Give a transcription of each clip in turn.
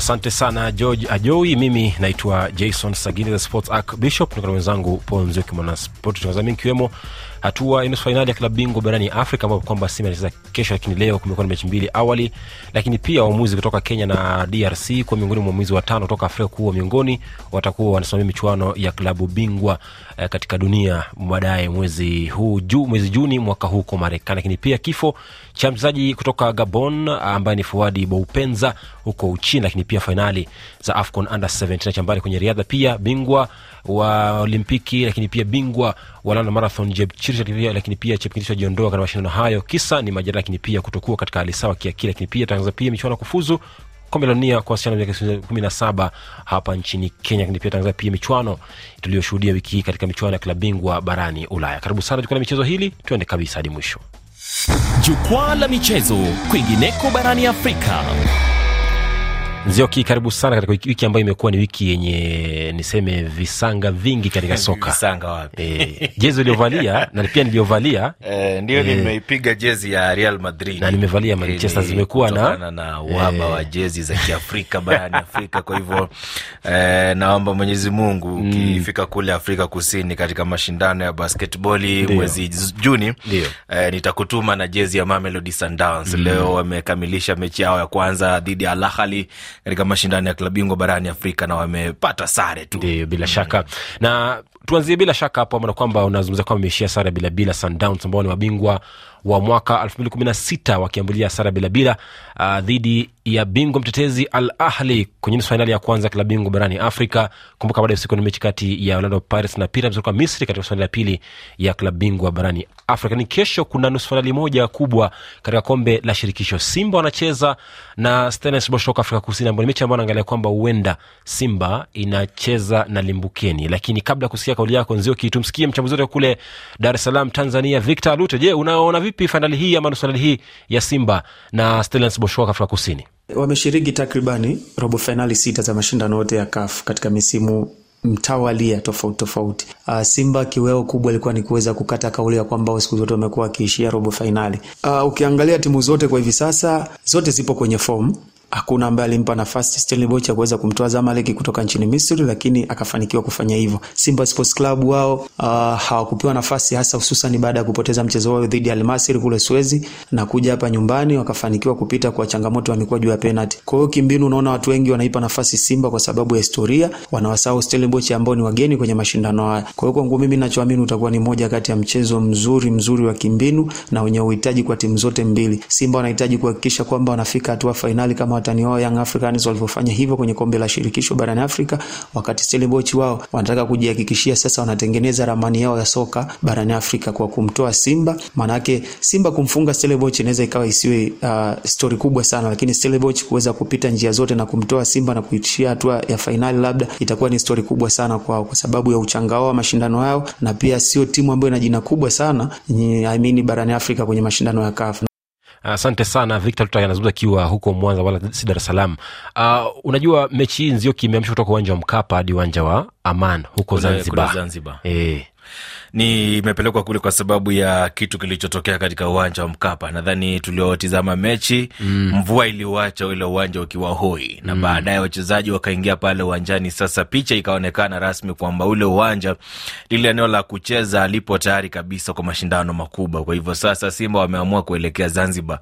Asante sana George Ajoi. Mimi naitwa Jason Sagini, the sports archbishop, tunakuwa Paul Mzioki, kimwana sport mi ikiwemo hatua ya nusu fainali ya klabu bingwa barani Afrika, ambapo kwamba Simba anacheza kesho, lakini leo kumekuwa na mechi mbili awali. Lakini pia waamuzi kutoka Kenya na DRC kuwa miongoni mwa waamuzi watano kutoka Afrika kuwa miongoni watakuwa wanasimamia michuano ya klabu bingwa eh, katika dunia baadaye mwezi huu ju, mwezi Juni mwaka huu kwa Marekani. Lakini pia kifo cha mchezaji kutoka Gabon ambaye ni Fuadi Boupenza huko Uchina, lakini pia fainali za AFCON under 17 na cha kwenye riadha pia bingwa wa Olimpiki, lakini pia bingwa wa London Marathon Jepchirchir, lakini pia Chepkirich ajiondoa katika mashindano hayo, kisa ni majeraha, lakini pia kutokuwa katika hali sawa kiakili. Lakini pia tangaza pia michuano kufuzu kombe la dunia kwa wasichana miaka kumi na saba hapa nchini Kenya, lakini pia tangaza pia michuano tuliyoshuhudia wiki hii katika michuano ya klabu bingwa barani Ulaya. Karibu sana jukwaa la michezo hili, tuende kabisa hadi mwisho. Jukwaa la michezo kwingineko barani Afrika. Nzioki, karibu sana katika wiki ambayo imekuwa ni wiki yenye niseme visanga vingi katika soka. Visanga wapi? E, jezi uliovalia na pia niliyovalia e, eh, ndio e, nimeipiga jezi ya Real Madrid na nimevalia Manchester, zimekuwa na na uhaba e, wa jezi za Kiafrika barani Afrika. Kwa hivyo e, naomba Mwenyezi Mungu mm. ukifika mm, kule Afrika Kusini katika mashindano ya basketboli mwezi Juni e, nitakutuma na jezi ya Mamelodi Sundowns mm. Leo wamekamilisha mechi yao ya kwanza dhidi ya Al Ahly katika mashindano ya klabu bingwa barani Afrika na wamepata sare tu. Ndio, bila shaka na tuanzie bila shaka hapo, maana kwamba unazungumzia kwamba imeishia sare bila bila Sundowns ambao ni wabingwa wa mwaka 216 wakiambulia sara bilabila uh, dhidi ya bingwa mtetezi Al Ahli kwenye nusu fainali ya kwanza ya klabu bingwa barani Afrika. Kumbuka baada ya usiku ni mechi kati ya Orlando Pirates na Pyramids kutoka Misri katika nusu fainali ya pili ya klabu bingwa barani Afrika. Ni kesho kuna nusu fainali moja kubwa katika kombe la shirikisho. Simba wanacheza na Stellenbosch kutoka Afrika Kusini, ambayo ni mechi ambayo naangalia kwamba huenda Simba inacheza na Limbukeni. Lakini kabla ya kusikia kauli yako nzio kitumsikie mchambuzi wote kule Dar es Salaam Tanzania, Victor Lute. Je, unaona vipi vipi fainali hii ama nusu fainali hii ya Simba na Stellenbosch wa Afrika Kusini? Wameshiriki takribani robo fainali sita za mashindano yote ya CAF katika misimu mtawalia tofauti tofauti. Uh, Simba kiweo kubwa ilikuwa ni kuweza kukata kauli ya kwamba siku zote wamekuwa wakiishia robo fainali. Uh, ah, ukiangalia timu zote kwa hivi sasa zote zipo kwenye fomu hakuna ambaye alimpa nafasi Stanley Boch kuweza kumtoa Zamalek kutoka nchini Misri, lakini akafanikiwa kufanya hivyo. Simba Sports Club wao uh, hawakupewa nafasi hasa hususan baada ya kupoteza mchezo wao dhidi ya Al kule Suezi na kuja hapa nyumbani wakafanikiwa kupita kwa changamoto ya mikwaju ya penalti. Kwa hiyo kimbinu, unaona watu wengi wanaipa nafasi Simba kwa sababu ya historia, wanawasahau Stanley Boch ambao ni wageni kwenye mashindano haya. Kwa hiyo kwangu mimi ninachoamini utakuwa ni moja kati ya mchezo mzuri mzuri wa kimbinu na wenye uhitaji kwa timu zote mbili. Simba wanahitaji kuhakikisha kwamba wanafika hatua fainali kama watani wao Young Africans walivyofanya hivyo kwenye kombe la shirikisho barani Afrika, wakati Stellenbosch wao wanataka kujihakikishia sasa wanatengeneza ramani yao ya soka barani Afrika kwa kumtoa Simba. Maanake Simba kumfunga Stellenbosch inaweza ikawa isiwe uh, stori kubwa sana, lakini Stellenbosch kuweza kupita njia zote na kumtoa Simba na kuitishia hatua ya fainali labda itakuwa ni stori kubwa sana kwao, kwa sababu ya uchanga wao wa mashindano yao, na pia sio timu ambayo ina jina kubwa sana I mean barani Afrika kwenye mashindano ya CAF. Asante sana Victor Luta anazungumza akiwa huko Mwanza, wala si Dar es Salaam. Uh, unajua mechi hii nzio kimeamishwa kutoka uwanja wa Mkapa hadi uwanja wa Aman huko Zanzibar, Zanzibar. E nimepelekwa kule kwa sababu ya kitu kilichotokea katika uwanja wa Mkapa. Nadhani tuliotizama mechi mm. mvua iliwacha ule uwanja ukiwa hoi na mm. baadaye wachezaji wakaingia pale uwanjani. Sasa picha ikaonekana rasmi kwamba ule uwanja, lile eneo la kucheza, lipo tayari kabisa kwa mashindano makubwa. Kwa hivyo sasa Simba wameamua kuelekea Zanzibar.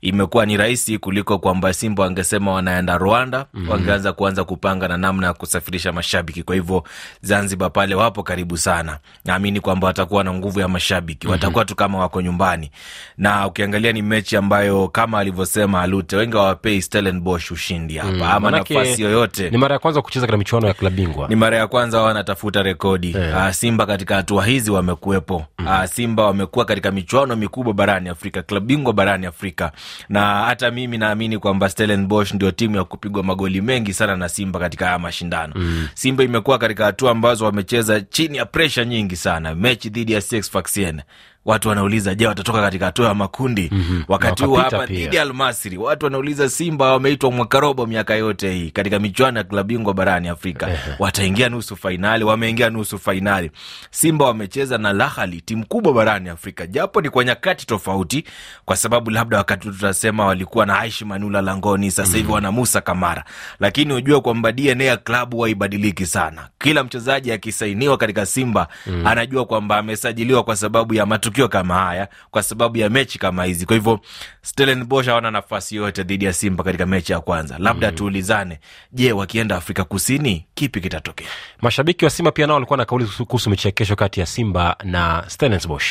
Imekuwa ni rahisi kuliko kwamba Simba wangesema wanaenda Rwanda mm. wangeanza kuanza kupanga na namna ya kusafirisha mashabiki. Kwa hivyo Zanzibar pale wapo karibu sana, naamini kwa kwamba watakuwa na nguvu ya mashabiki, mhm. watakuwa tu kama wako nyumbani. Na ukiangalia ni mechi ambayo kama alivyosema Alute, wengi hawapei Stellenbosch ushindi hapa mm, ama nafasi yoyote. Ni mara ya kwanza kucheza katika michuano ya klabu bingwa, ni mara ya kwanza wao wanatafuta rekodi yeah. Eh. Simba katika hatua hizi wamekuwepo mm. Ah, Simba wamekuwa katika michuano mikubwa barani Afrika, klabu bingwa barani Afrika, na hata mimi naamini kwamba Stellenbosch ndio timu ya kupigwa magoli mengi sana na Simba katika haya mashindano mm. Simba imekuwa katika hatua ambazo wamecheza chini ya presha nyingi sana mechi dhidi ya Sfaxien watu wanauliza je, watatoka katika hatua ya makundi? mm-hmm. wakati huo hapa dhidi ya Almasri, watu wanauliza Simba wameitwa mwaka robo miaka yote hii katika michuano ya klabu bingwa barani Afrika wataingia nusu fainali, wameingia nusu fainali. Simba wamecheza na Lahali, timu kubwa barani Afrika, japo ni kwa nyakati tofauti, kwa sababu labda wakati tutasema walikuwa na Aishi Manula langoni, sasa hivi mm-hmm. wana Musa Kamara, lakini ujue kwamba DNA ya klabu haibadiliki sana. Kila mchezaji akisainiwa katika Simba mm-hmm. anajua kwamba amesajiliwa kwa sababu ya matu matukio kama haya kwa sababu ya mechi kama hizi. Kwa hivyo Stellenbosch hawana nafasi yote dhidi ya Simba katika mechi ya kwanza. Labda mm. tuulizane, je, wakienda Afrika Kusini kipi kitatokea? Mashabiki wa Simba pia nao walikuwa na kauli kuhusu mechi ya kesho kati ya Simba na Stellenbosch.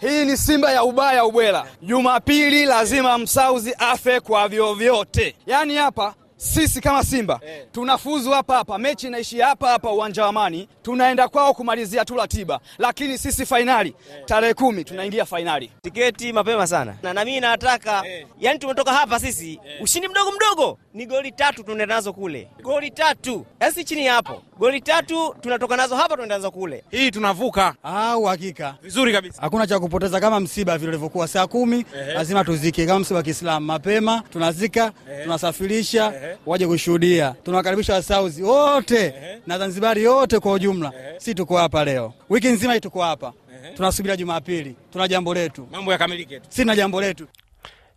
Hii ni Simba ya ubaya ubwela. Jumapili lazima msauzi afe kwa vyovyote. Yaani hapa sisi kama Simba eh, tunafuzu hapa hapa, mechi inaishia hapa hapa uwanja wa Amani, tunaenda kwao kumalizia tu ratiba, lakini sisi fainali eh, tarehe kumi tunaingia fainali. Tiketi mapema sana na, na mimi nataka eh, yani tumetoka hapa sisi eh, ushindi mdogo mdogo ni goli tatu tunaenda nazo kule, goli tatu asi yaani chini hapo, goli tatu tunatoka nazo hapa tunaenda nazo kule, hii tunavuka. Ah, uhakika vizuri kabisa, hakuna cha kupoteza kama msiba vile ilivyokuwa saa kumi, eh. lazima tuzike kama msiba wa Kiislamu mapema, tunazika eh, tunasafirisha eh, waje kushuhudia. Tunawakaribisha wasauzi wote na Zanzibari yote kwa ujumla. Si tuko hapa leo, wiki nzima hii tuko hapa, tunasubiria Jumapili, tuna jambo letu, mambo yakamilike tu, na jambo letu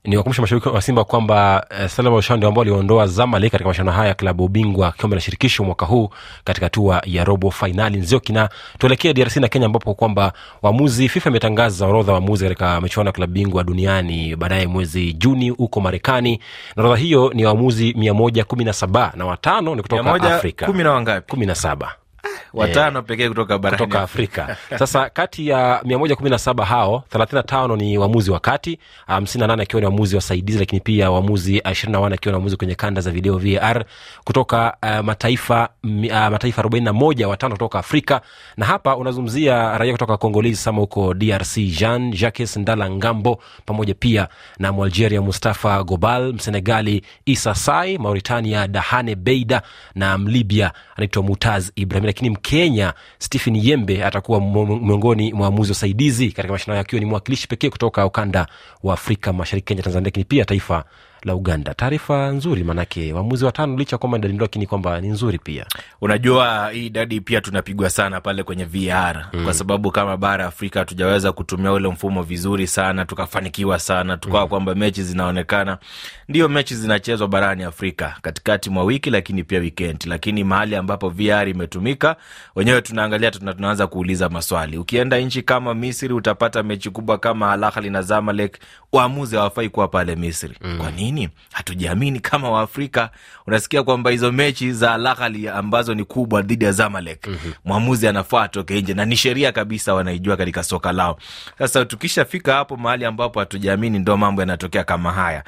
ni wakumbusha mashabiki wa Simba kwamba eh, Salama Ushando ambao waliondoa Zamalek katika mashindano haya ya klabu bingwa kombe la shirikisho mwaka huu katika hatua ya robo fainali. Nziokina, tuelekee DRC na Kenya ambapo kwamba waamuzi FIFA imetangaza orodha wa waamuzi katika michuano ya klabu bingwa duniani baadaye mwezi Juni huko Marekani, na orodha hiyo ni waamuzi mia moja kumi na saba na watano ni kutoka Afrika kumi na wangapi? kumi na saba Eh, watano eh, pekee kutoka barani kutoka Afrika. Sasa kati ya mia moja kumi na saba hao thelathini tano ni waamuzi wa kati, hamsini na nane akiwa ni waamuzi wasaidizi, lakini pia waamuzi eh, ishirini na wane akiwa ni waamuzi kwenye kanda za video VAR kutoka uh, mataifa uh, mataifa arobaini na moja watano kutoka Afrika, na hapa unazungumzia raia kutoka Kongolezi sama huko DRC Jean Jacques Ndala Ngambo pamoja pia na Mwalgeria Mustafa Gobal, Msenegali Isa Sai, Mauritania Dahane Beida na Mlibia anaitwa Mutaz Ibrahim lakini Mkenya Stephen Yembe atakuwa miongoni mwa wa saidizi katika mashindano akiwa ni mwakilishi pekee kutoka ukanda wa Afrika Mashariki, Kenya, Tanzania, lakini pia taifa la Uganda. Taarifa nzuri, maanake waamuzi watano, licha kwamba idadi ndogo, lakini kwamba ni nzuri pia. Unajua hii idadi pia tunapigwa sana pale kwenye VR mm. kwa sababu kama bara Afrika hatujaweza kutumia ule mfumo vizuri sana, tukafanikiwa sana, tukawa mm. kwamba mechi zinaonekana ndio mechi zinachezwa barani Afrika katikati mwa wiki, lakini pia wikendi, lakini mahali ambapo VR imetumika wenyewe tunaangalia tuna, tunaanza kuuliza maswali. Ukienda nchi kama Misri utapata mechi kubwa kama alahali na Zamalek, waamuzi hawafai kuwa pale Misri. Mm. Kwa nini? Hatujiamini kama Waafrika. Unasikia kwamba hizo mechi za Al Ahly ambazo ni kubwa dhidi ya Zamalek, mm-hmm. mwamuzi anafaa atoke nje na ni sheria kabisa, wanaijua katika soka lao. Sasa tukishafika hapo mahali ambapo hatujiamini, ndo mambo yanatokea kama haya.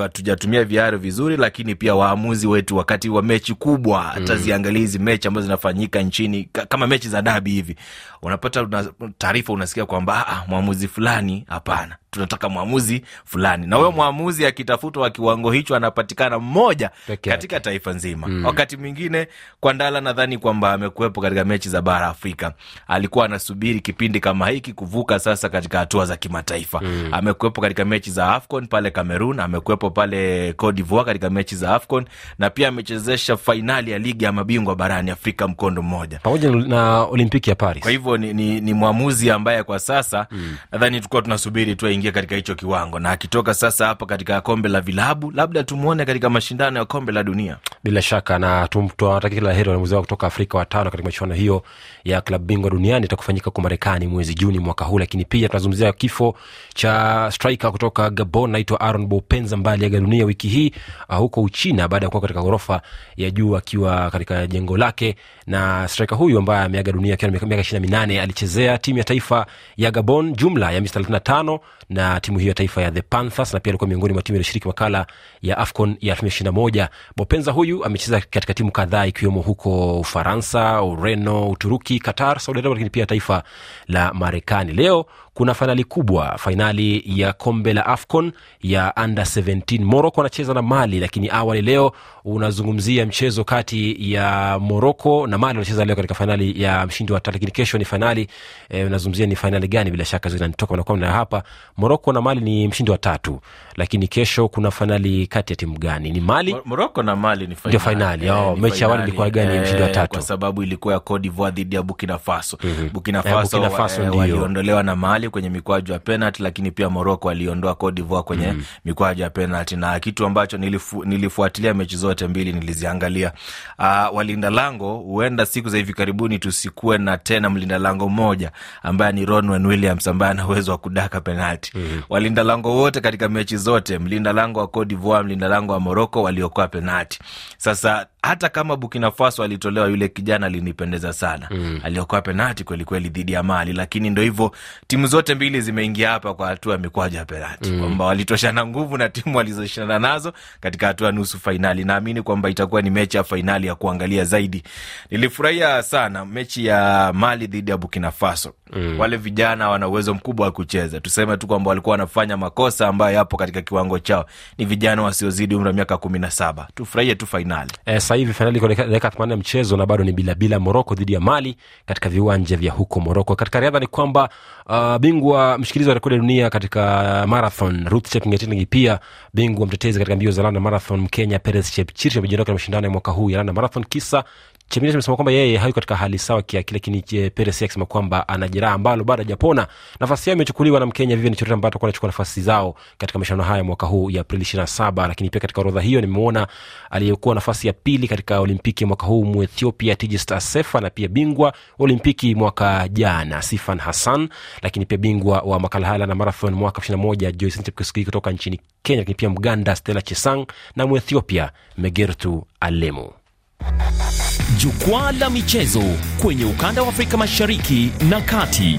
Hatujatumia viaro vizuri, lakini pia waamuzi wetu wakati wa mechi kubwa, hata mm. hizi mechi ambazo zinafanyika nchini kama mechi za dabi hivi unapata una, taarifa unasikia kwamba ah, ah, mwamuzi fulani hapana tunataka mwamuzi fulani na huyo mm. mwamuzi akitafutwa wa kiwango hicho anapatikana mmoja katika taifa nzima mm. wakati mwingine kwa Ndala nadhani kwamba amekuwepo katika mechi za bara afrika alikuwa anasubiri kipindi kama hiki kuvuka sasa katika hatua za kimataifa mm. amekuwepo katika mechi za afcon pale cameroon amekuwepo pale codivoi katika mechi za afcon na pia amechezesha fainali ya ligi ya mabingwa barani afrika mkondo mmoja pamoja na olimpiki ya paris kwa hivyo hivyo ni, ni, ni mwamuzi ambaye kwa sasa mm. nadhani tukuwa tunasubiri tu aingie katika hicho kiwango, na akitoka sasa hapa katika kombe la vilabu, labda tumwone katika mashindano ya kombe la dunia. Bila shaka na tunawatakia kila heri wanamuzi wao kutoka Afrika watano katika michuano hiyo ya klabu bingwa duniani itakufanyika kwa Marekani mwezi Juni mwaka huu. Lakini pia tunazungumzia kifo cha striker kutoka Gabon naitwa Aaron Bopenza ambaye aliaga dunia wiki hii uh, huko Uchina baada ya kuwa katika ghorofa ya juu akiwa katika jengo lake, na striker huyu ambaye ameaga dunia akiwa na miaka ishirini na minane nane alichezea timu ya taifa ya Gabon jumla ya mechi 35 na timu hiyo ya taifa ya The Panthers, na pia alikuwa miongoni mwa timu iliyoshiriki makala ya AFCON ya 2021. Bopenza huyu amecheza katika timu kadhaa ikiwemo huko Ufaransa, Ureno, Uturuki, Qatar, Saudi Arabia, lakini pia taifa la Marekani. Leo kuna fainali kubwa, fainali ya kombe la AFCON ya under 17. Moroko anacheza na Mali, lakini awali leo unazungumzia mchezo kati ya Moroko na Mali, wanacheza leo katika fainali ya mshindi wa tatu, lakini kesho ni fainali e, eh, unazungumzia ni fainali gani? Bila shaka zinanitoka nakuwa na hapa, Moroko na Mali ni mshindi wa tatu, lakini kesho kuna fainali kati ya timu gani? Ni Mali, Moroko na Mali ni fainali, ndio fainali yao. Eh, oh, mechi awali ilikuwa gani? E, mshindi wa eh, tatu, kwa sababu ilikuwa ya Cote d'Ivoire dhidi ya Burkina Faso. mm Burkina Faso, e, Burkina waliondolewa na Mali Mali kwenye mikwaju ya penalti, lakini pia Moroko aliondoa Cote kwenye mm. mikwaju ya penalti, na kitu ambacho nilifu, nilifuatilia mechi zote mbili niliziangalia. Uh, walinda lango, huenda siku za hivi karibuni tusikuwe na tena mlinda lango mmoja ambaye ni Ronwen Williams ambaye ana uwezo wa kudaka penalti mm. Mm-hmm. walinda lango wote katika mechi zote, mlinda lango wa Cote mlinda lango wa Moroko waliokoa penalti. Sasa hata kama Burkina Faso alitolewa yule kijana alinipendeza sana mm. aliokoa penati kwelikweli dhidi ya Mali, lakini ndo hivyo, timu zote mbili zimeingia hapa kwa hatua ya mikwaju ya penati mm. kwamba walitoshana nguvu na timu walizoshana nazo katika hatua ya nusu fainali. Naamini kwamba itakuwa ni mechi ya fainali ya kuangalia zaidi. Nilifurahia sana mechi ya Mali dhidi ya Burkina Faso mm. wale vijana wana uwezo mkubwa wa kucheza, tuseme tu kwamba walikuwa wanafanya makosa ambayo yapo katika kiwango chao, ni vijana wasiozidi umri wa miaka kumi na saba. Tufurahie tu fainali yes. Eh, sasa hivi fainali iko dakika themanini ya mchezo na bado ni bilabila, Moroko dhidi ya Mali katika viwanja vya huko Moroko. Katika riadha ni kwamba uh, bingwa mshikilizi wa rekodi ya dunia katika marathon Ruth Chepngetich, pia bingwa mtetezi katika mbio za London Marathon Mkenya Peres Chepchirchir amejiondoka na mashindano ya mwaka huu ya London Marathon, kisa Chemini amesema kwamba yeye hayuko katika hali sawa kiakili, lakini Peresi akisema kwamba ana jeraha ambalo bado hajapona. Nafasi yao imechukuliwa na Mkenya Vivian Chirita ambaye atakuwa anachukua nafasi zao katika mashindano haya mwaka huu ya Aprili 27. Lakini pia katika orodha hiyo nimeona aliyekuwa nafasi ya pili katika Olimpiki mwaka huu Muethiopia Tigist Assefa na pia bingwa Olimpiki mwaka jana Sifan Hassan, lakini pia bingwa wa makala haya na marathon mwaka 21 Joyce Chepkosgei kutoka nchini Kenya, lakini pia Mganda Stella Chesang na Muethiopia Megertu Alemu. Jukwaa la michezo kwenye ukanda wa Afrika Mashariki na Kati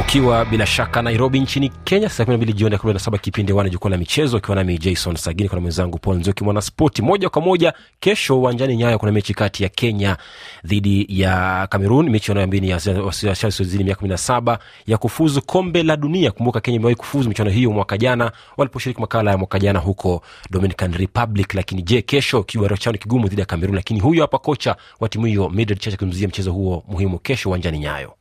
ukiwa bila shaka nairobi nchini kenya saa 12 jioni ya 17 kipindi wana jukwa la michezo ukiwa nami jason sagini kuna mwenzangu paul nzioki mwanaspoti moja kwa moja kesho uwanjani nyayo kuna mechi kati ya kenya dhidi ya cameron mechi anayoambini yasiozidi miaka 17 ya kufuzu kombe la dunia kumbuka kenya imewahi kufuzu michuano hiyo mwaka jana waliposhiriki makala ya mwaka jana huko dominican republic lakini je kesho ni kigumu dhidi ya cameron lakini huyo hapa kocha wa timu hiyo medred chacha akimzia mchezo huo muhimu kesho uwanjani nyayo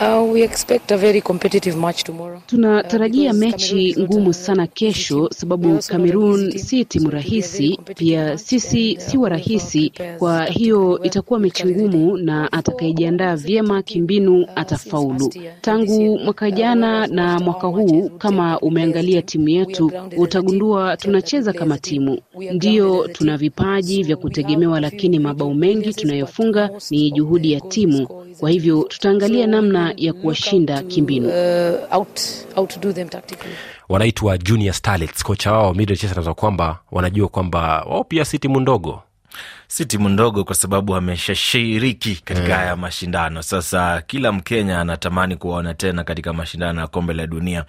Uh, we expect a very competitive match tomorrow. Tunatarajia uh, mechi ngumu sana kesho, sababu Cameroon si timu rahisi, pia sisi uh, si rahisi Kwa hiyo itakuwa mechi ngumu, na atakayejiandaa vyema kimbinu uh, atafaulu. Tangu mwaka uh, jana na mwaka huu, kama umeangalia timu yetu, utagundua tunacheza kama timu. Ndiyo, tuna vipaji vya kutegemewa, lakini mabao mengi tunayofunga ni juhudi ya timu. Kwa hivyo tutaangalia namna ya kuwashinda kimbinu. Uh, Wanaitwa Junior Starlets. Kocha wao Middlechester anasema kwamba wanajua kwamba wao pia si timu ndogo si timu ndogo, kwa sababu ameshashiriki katika eh. haya yeah, mashindano. Sasa kila Mkenya anatamani kuwaona tena katika mashindano ya kombe la dunia,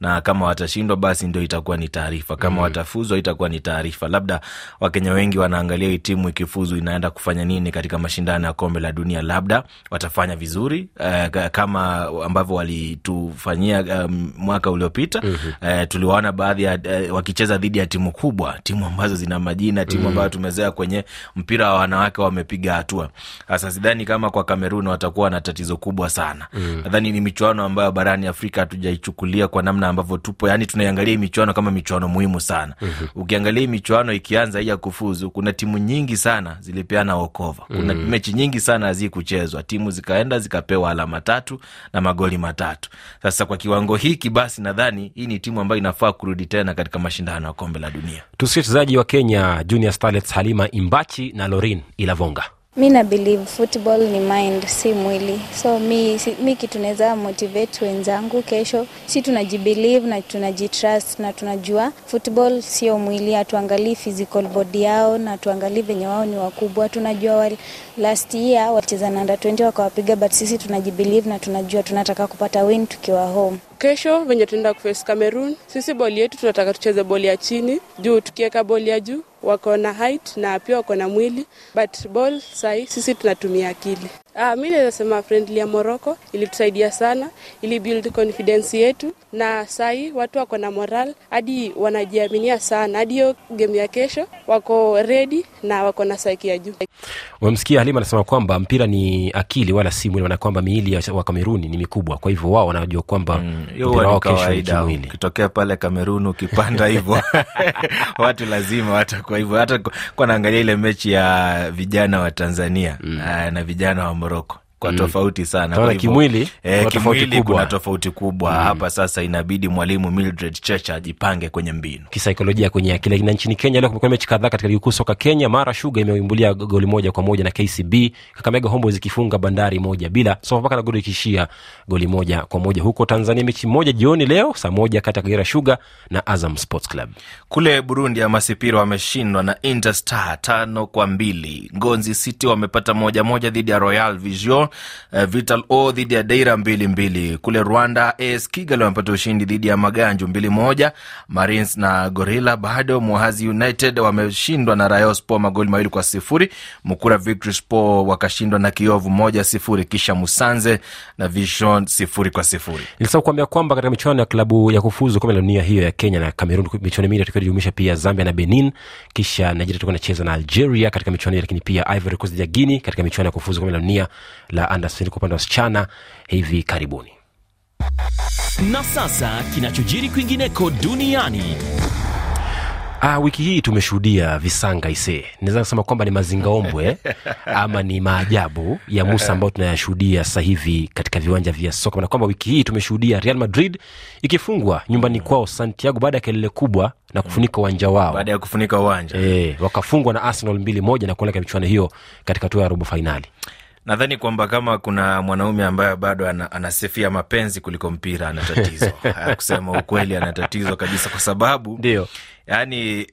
na kama watashindwa, basi ndio itakuwa ni taarifa. Kama mm. watafuzwa, itakuwa ni taarifa. Labda Wakenya wengi wanaangalia hii timu ikifuzu inaenda kufanya nini katika mashindano ya kombe la dunia, labda watafanya vizuri eh, kama ambavyo walitufanyia eh, mwaka uliopita mm-hmm. eh, tuliwaona baadhi ya eh, wakicheza dhidi ya timu kubwa, timu ambazo zina majina, timu mm. ambayo tumezoea kwenye mpira wa wanawake wamepiga hatua. Sasa sidhani kama kwa Kamerun watakuwa na tatizo kubwa sana. Mm. Nadhani ni michuano ambayo barani Afrika hatujaichukulia kwa namna ambavyo tupo, yani tunaiangalia hii michuano kama michuano muhimu sana. Mm-hmm. Ukiangalia hii michuano ikianza hii ya kufuzu, kuna timu nyingi sana zilipeana okova. Kuna mm. mechi nyingi sana hazikuchezwa, timu zikaenda zikapewa alama tatu na magoli matatu. Sasa kwa kiwango hiki basi, nadhani hii ni timu ambayo inafaa kurudi tena katika mashindano ya kombe la dunia. Tusikie wachezaji wa Kenya Junior Starlets Halima Imbachi na Lorin Ilavonga. Mi na believe football ni mind, si mwili. So mi, si, mi kitu naweza motivate wenzangu kesho, si tunajibelieve na tunajitrust na tunajua football sio mwili, hatuangalii physical body yao na tuangalii venye wao ni wakubwa. Tunajua wali, last year wacheza na under 20 wakawapiga, but sisi tunajibelieve na tunajua tunataka kupata win tukiwa home kesho venye tunaenda kuface Cameroon, sisi boli yetu tunataka tucheze boli ya chini juu, tukiweka boli ya juu wako na height na pia wako na mwili, but ball sai sisi tunatumia akili. Ah, mi nasema friendly ya Morocco ilitusaidia sana, ili build confidence yetu, na sahi watu wako na moral hadi wanajiaminia sana, hadi hiyo game ya kesho wako ready na wako na saiki ya juu. Umemsikia Halima anasema kwamba mpira ni akili wala si mwili, na kwamba miili ya wa Kameruni ni mikubwa, kwa hivyo wao wanajua kwamba mm, mpira wao kesho ni kimwili. Ukitokea pale Kameruni ukipanda hivyo watu lazima watakuwa hivyo. Hata kwa naangalia ile mechi ya vijana wa Tanzania mm, ah, na vijana wa Morocco руку. kwa mm. tofauti sana kwa kimwili, e, eh, kwa tofauti kimwili kubwa. kuna tofauti kubwa mm. hapa sasa inabidi mwalimu Mildred Church ajipange kwenye mbinu kisaikolojia kwenye akili na nchini Kenya leo kumekuwa mechi kadhaa katika ligi kuu soka Kenya Mara Sugar imeimbulia goli moja kwa moja na KCB Kakamega Homeboyz ikifunga Bandari moja bila Sofapaka na goli ikiishia goli moja kwa moja huko Tanzania mechi moja jioni leo saa moja kati ya Kagera Sugar na Azam Sports Club kule Burundi Amasipiro wameshindwa na Interstar tano kwa mbili Ngozi City wamepata moja moja dhidi ya Royal Vision uh, Vital O dhidi ya Deira mbili mbili. Kule Rwanda AS Kigali wamepata ushindi dhidi ya Maganju mbili moja. marins na Gorilla bado. Muhazi United wameshindwa na rayo spo magoli mawili kwa sifuri. Mukura Victory spo wakashindwa na Kiovu moja sifuri, kisha Musanze na Vision sifuri kwa sifuri. nilisau kuambia kwamba katika michuano ya klabu ya kufuzu kombe la dunia hiyo ya Kenya na cameron michuano mili mingi tukijumuisha pia Zambia na Benin, kisha Nigeria tutakuwa nacheza na Algeria katika michuano hiyo, lakini pia Ivory Coast ya guini katika michuano ya kufuzu kombe la dunia la la Anderson kwa upande wa wasichana hivi karibuni. Na sasa kinachojiri kwingineko duniani. Ah, wiki hii tumeshuhudia visanga ise, naweza kusema kwamba ni mazingaombwe ama ni maajabu ya Musa ambayo tunayashuhudia sasa hivi katika viwanja vya soka, na kwamba wiki hii tumeshuhudia Real Madrid ikifungwa nyumbani mm. kwao Santiago baada ya kelele kubwa na kufunika uwanja wao baada ya kufunika uwanja e, wakafungwa na Arsenal mbili moja na kuelekea michuano hiyo katika hatua ya robo fainali. Nadhani kwamba kama kuna mwanaume ambaye bado anasifia mapenzi kuliko mpira, ana tatizo kusema ukweli, ana tatizo kabisa, kwa sababu ndio yani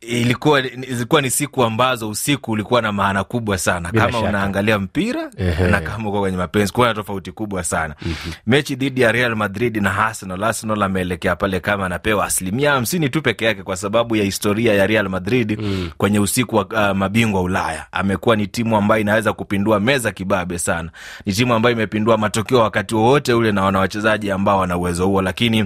ilikuwa zilikuwa ni siku ambazo usiku ulikuwa na maana kubwa sana Bila kama shaka. unaangalia mpira Ehe. na kama uko kwenye mapenzi kuwa na tofauti kubwa sana mm-hmm. mechi dhidi ya Real Madrid na Arsenal Arsenal ameelekea pale kama anapewa asilimia hamsini tu peke yake kwa sababu ya historia ya Real Madrid mm. kwenye usiku wa uh, mabingwa Ulaya amekuwa ni timu ambayo inaweza kupindua meza kibabe sana ni timu ambayo imepindua matokeo wakati wowote ule na wana wachezaji ambao wana uwezo huo lakini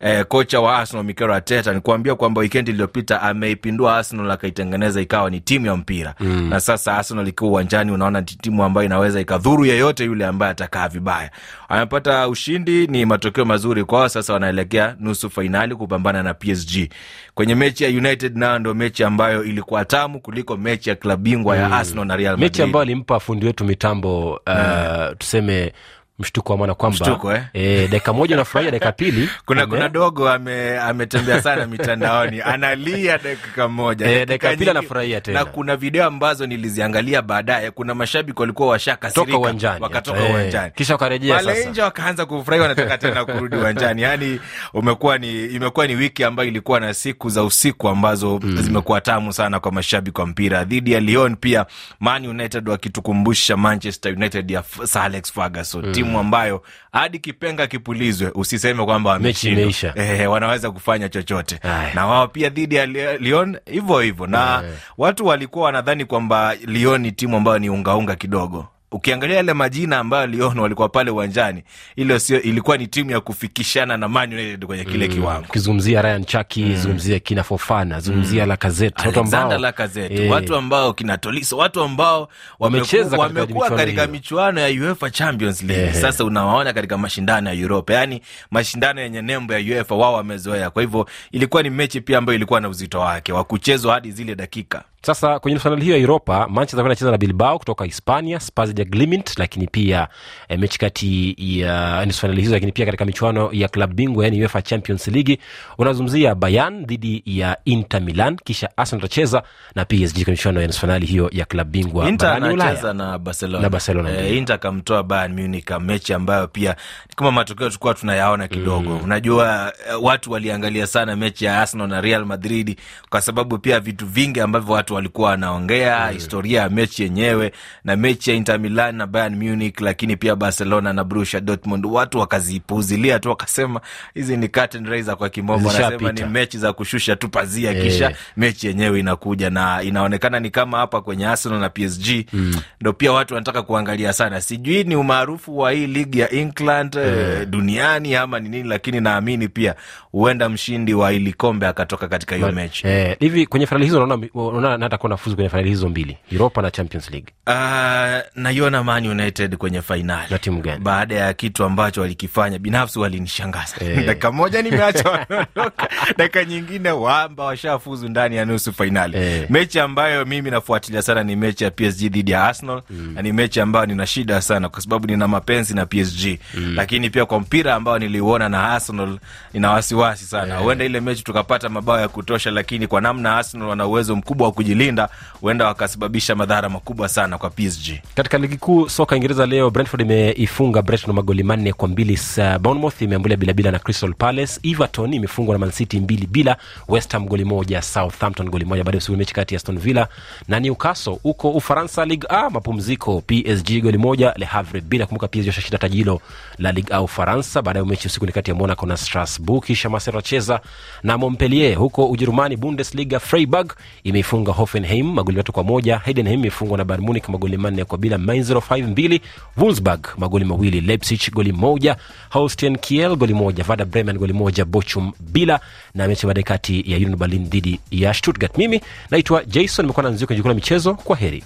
eh, kocha wa Arsenal Mikel Arteta nikuambia kwamba wikendi iliyopita ameipindua Arsenal akaitengeneza ikawa ni timu ya mpira mm. na sasa Arsenal ikiwa uwanjani, unaona ni timu ambayo inaweza ikadhuru yeyote yule ambaye atakaa vibaya. Amepata ushindi, ni matokeo mazuri kwao. Sasa wanaelekea nusu fainali kupambana na PSG kwenye mechi ya United, nayo ndo mechi ambayo ilikuwa tamu kuliko mechi ya klabu bingwa mm. ya Arsenal na Real Madrid, mechi ambayo alimpa fundi wetu mitambo uh, mm. tuseme mshtuko wa mwana kwamba eh? E, dakika moja unafurahia dakika pili kuna, kuna dogo ametembea ame, sana mitandaoni analia dakika moja e, dakika pili anafurahia tena, na kuna video ambazo niliziangalia baadaye, kuna mashabiki walikuwa washakasirika uwanjani, wakatoka eh, uwanjani e, kisha wakarejea sasa wale nje wakaanza kufurahia wanataka tena kurudi uwanjani. Yani umekuwa ni imekuwa ni wiki ambayo ilikuwa na siku za usiku ambazo mm, zimekuwa tamu sana kwa mashabiki wa mpira dhidi ya Lyon, pia Man United wakitukumbusha Manchester United ya Sir Alex Ferguson mm timu ambayo hadi kipenga kipulizwe usiseme kwamba wameshindwa. Eh, wanaweza kufanya chochote Ay. na wao pia dhidi ya Lyon hivyo hivyo, na Ay. watu walikuwa wanadhani kwamba Lyon ni timu ambayo ni ungaunga kidogo ukiangalia yale majina ambayo aliona walikuwa pale uwanjani, ilo sio ilikuwa ni timu ya kufikishana na Man United kwenye kile mm. kiwango. Ukizungumzia Ryan Chaki mm. zungumzia kina Fofana, zungumzia mm. Lacazette, watu ambao Lacazette, eh. watu ambao kina Tolisso, watu ambao wamecheza wamekuwa katika michuano ya UEFA Champions League eh. Sasa unawaona katika mashindano ya Europa, yani mashindano yenye nembo ya UEFA wao wamezoea. Kwa hivyo ilikuwa ni mechi pia ambayo ilikuwa na uzito wake wa kuchezwa hadi zile dakika sasa kwenye fainali hiyo ya Uropa, Manchester anacheza na Bilbao kutoka Hispania, Spas ja Glimint, lakini pia eh, mechi kati ya eh, nusu fainali hizo, lakini pia katika michuano ya klabu bingwa, yani UEFA Champions League, unazungumzia bayan dhidi ya Inter Milan, kisha Arsenal atacheza na PSG kwenye michuano ya nusu fainali hiyo ya klabu bingwa barani na Barcelona, na Barcelona e, Inter kamtoa bayan Munich, mechi ambayo pia kama matokeo tukuwa tunayaona kidogo mm. Unajua eh, watu waliangalia sana mechi ya Arsenal na Real Madrid kwa sababu pia vitu vingi ambavyo watu walikuwa wanaongea mm. historia ya mechi yenyewe na mechi ya Inter Milan na Bayern Munich, lakini pia Barcelona na Borussia Dortmund, watu wakazipuzilia tu, wakasema hizi ni curtain raiser kwa kimombo, wanasema ni mechi za kushusha tu pazia e. Kisha eh. mechi yenyewe inakuja na inaonekana ni kama hapa kwenye Arsenal na PSG mm. ndo mm. pia watu wanataka kuangalia sana, sijui ni umaarufu wa hii ligi ya England e. duniani ama ni nini, lakini naamini pia huenda mshindi wa ili kombe akatoka katika hiyo mechi hivi e. kwenye fainali hizo naona na atakuwa nafuzu kwenye fainali hizo mbili, Europa na Champions League. Uh, naiona Man United kwenye fainali na timu gani? Baada ya kitu ambacho walikifanya, binafsi walinishangaza hey. Eh. dakika moja nimeacha wanaondoka, dakika nyingine wamba washafuzu ndani ya nusu fainali hey. Eh. mechi ambayo mimi nafuatilia sana ni mechi ya PSG dhidi ya Arsenal mm. na ni mechi ambayo nina shida sana kwa sababu nina mapenzi na PSG mm. lakini pia kwa mpira ambao niliuona na Arsenal nina wasiwasi sana eh. huenda hey. ile mechi tukapata mabao ya kutosha, lakini kwa namna Arsenal wana uwezo mkubwa wa kuj kujilinda huenda wakasababisha madhara makubwa sana kwa PSG. Katika ligi kuu soka Ingereza leo Brentford imeifunga Brighton magoli manne kwa mbili. Uh, Bournemouth imeambulia bila bila na Crystal Palace. Everton imefungwa na Man City mbili bila. West Ham goli moja, Southampton goli moja. Baada ya usiku mechi kati ya Aston Villa na Newcastle huko Ufaransa, Ligue A mapumziko, PSG goli moja Le Havre bila. Kumbuka PSG washashinda taji hilo la Ligue A Ufaransa. Baadaye mechi usiku ni kati ya Monaco na Strasbourg, kisha Marseille wacheza na Montpellier. Huko Ujerumani Bundesliga, Freiburg imeifunga Hoffenheim magoli matatu kwa moja. hedenheim imefungwa na barmunic magoli manne kwa bila. Mainz 05 mbili. Wolfsburg magoli mawili. Leipzig goli moja. Holstein Kiel goli moja. Vada Bremen goli moja. Bochum bila. Na mechi baadaye kati ya Union Berlin dhidi ya Stuttgart. Mimi naitwa Jason, imekuwa na nzio kwenye jukwaa la michezo. Kwa heri.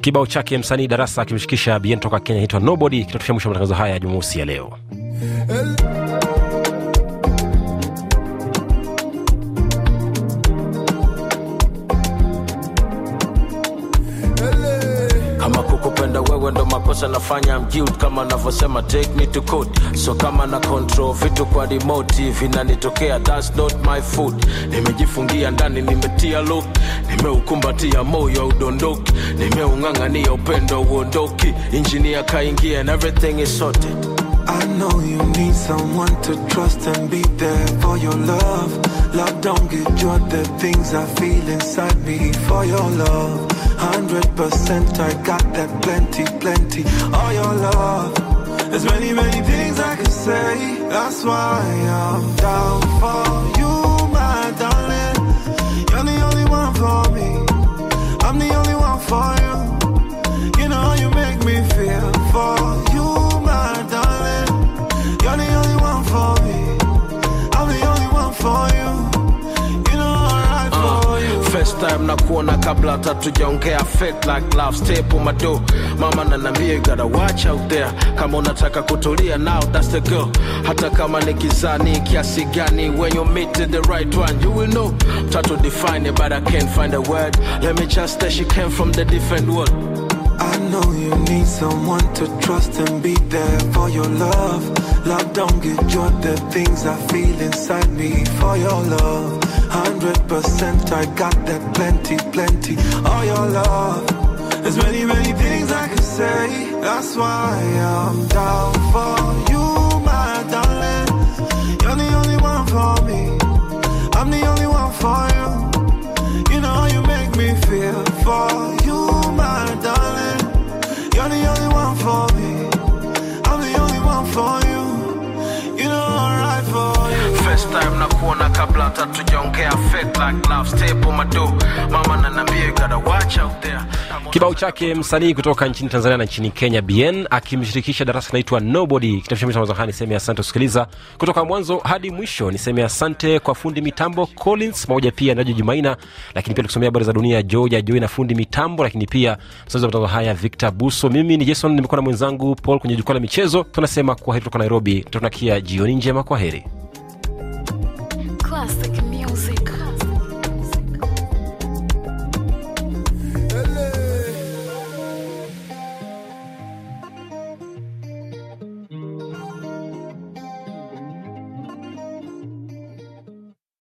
Kibao chake msanii Darasa akimshikisha Bien toka Kenya, naitwa Nobody, kitatufia mwisho matangazo haya ya jumausi ya leo nafanya I'm kama navyosema take me to court so kama na control vitu kwa remote vinanitokea that's not my food nimejifungia ndani nimetia lock nimeukumbatia moyo udondoki nimeung'ang'ania upendo uondoki injinia kaingia and everything is sorted I know you need someone to trust and be there for your love. Love, don't get you The things I feel inside me for your love. Hundred percent, I got that plenty, plenty. All your love. There's many, many things I could say. That's why I'm down for you, my darling. You're the only one for me. I'm the only one for you. time na kuona kabla hata like love step on my door mama nanambia you gotta watch out there kama unataka kutulia now that's the girl hata kama ni kizani kiasi gani when you meet the right one you will know try to define it but i can't find a word let me just say she came from the different world I know you need someone to trust and be there for your love. Love, don't get your The things I feel inside me for your love. Hundred percent, I got that plenty, plenty. All your love. There's many, many things I could say. That's why I'm down for you, my darling. You're the only one for me. I'm the only one for you. You know you make me feel for you, my darling. You're the only one for me. I'm the only one for you. You know I'm right for you. First time nakuona kabla hata tuja Kibao chake msanii kutoka nchini Tanzania na nchini Kenya, bn akimshirikisha Darasa kinaitwa Nobody. Haya, niseme asante kusikiliza kutoka mwanzo hadi mwisho. Niseme asante kwa fundi mitambo Collins pamoja pia na Jumaina, lakini pia tukusomea habari za dunia Joja Joi na fundi mitambo, lakini pia msaizi wa matangazo haya Victor Buso. Mimi ni Jason, nimekuwa na mwenzangu Paul kwenye jukwaa la michezo. Tunasema kwaheri kutoka Nairobi, tunakia jioni njema, kwa heri